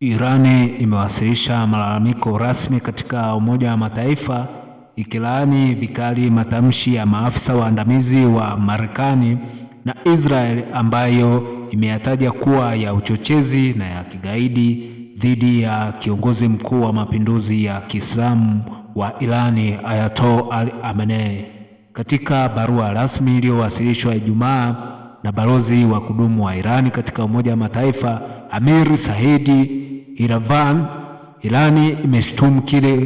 Irani imewasilisha malalamiko rasmi katika Umoja wa Mataifa ikilaani vikali matamshi ya maafisa waandamizi wa Marekani na Israel ambayo imeyataja kuwa ya uchochezi na ya kigaidi dhidi ya kiongozi mkuu wa mapinduzi ya Kiislamu wa Irani Ayatollah Ali Khamenei. Katika barua rasmi iliyowasilishwa Ijumaa na balozi wa kudumu wa Irani katika Umoja wa Mataifa Amir Sahidi Iravan, Irani imeshtumu kile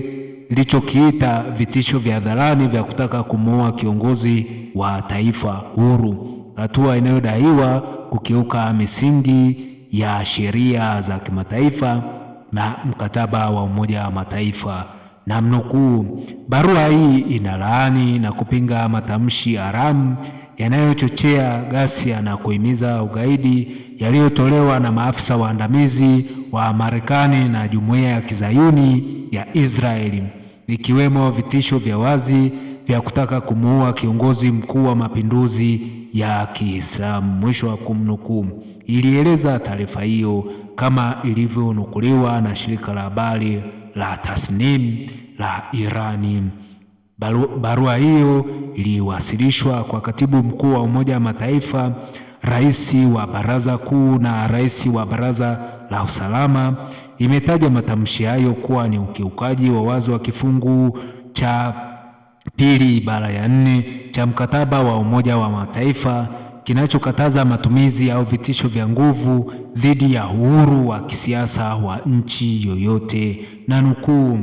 ilichokiita vitisho vya hadharani vya kutaka kumuua kiongozi wa taifa huru, hatua inayodaiwa kukiuka misingi ya sheria za kimataifa na mkataba wa Umoja wa Mataifa. Namnukuu, barua hii inalaani na kupinga matamshi haramu yanayochochea ghasia na kuhimiza ugaidi yaliyotolewa na maafisa waandamizi wa Marekani na jumuiya ya kizayuni ya Israeli, ikiwemo vitisho vya wazi vya kutaka kumuua kiongozi mkuu wa mapinduzi ya Kiislamu, mwisho wa kumnukuu, ilieleza taarifa hiyo kama ilivyonukuliwa na shirika la habari la Tasnim la Irani. Barua hiyo iliwasilishwa kwa katibu mkuu wa Umoja wa Mataifa, rais wa Baraza Kuu na rais wa Baraza la Usalama. Imetaja matamshi hayo kuwa ni ukiukaji wa wazi wa kifungu cha pili ibara ya nne cha mkataba wa Umoja wa Mataifa kinachokataza matumizi au vitisho vya nguvu dhidi ya uhuru wa kisiasa wa nchi yoyote, na nukuu,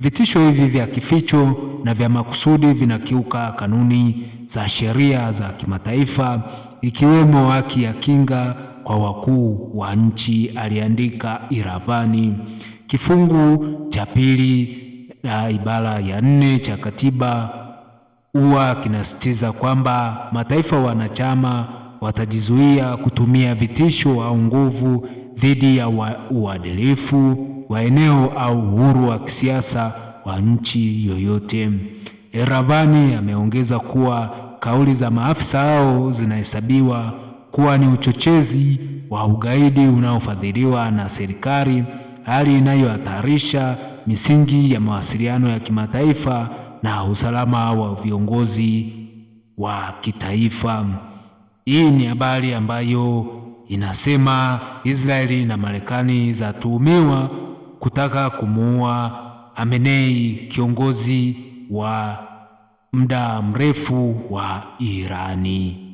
vitisho hivi vya kificho na vya makusudi vinakiuka kanuni za sheria za kimataifa ikiwemo haki ya kinga kwa wakuu wa nchi, aliandika Iravani. Kifungu cha pili na ibara ya nne cha katiba huwa kinasisitiza kwamba mataifa wanachama watajizuia kutumia vitisho au nguvu dhidi ya uadilifu wa eneo au uhuru wa kisiasa wa nchi yoyote. Eravani ameongeza kuwa kauli za maafisa hao zinahesabiwa kuwa ni uchochezi wa ugaidi unaofadhiliwa na serikali, hali inayohatarisha misingi ya mawasiliano ya kimataifa na usalama wa viongozi wa kitaifa. Hii ni habari ambayo inasema Israeli na Marekani zatuhumiwa kutaka kumuua Amenei, kiongozi wa muda mrefu wa Irani.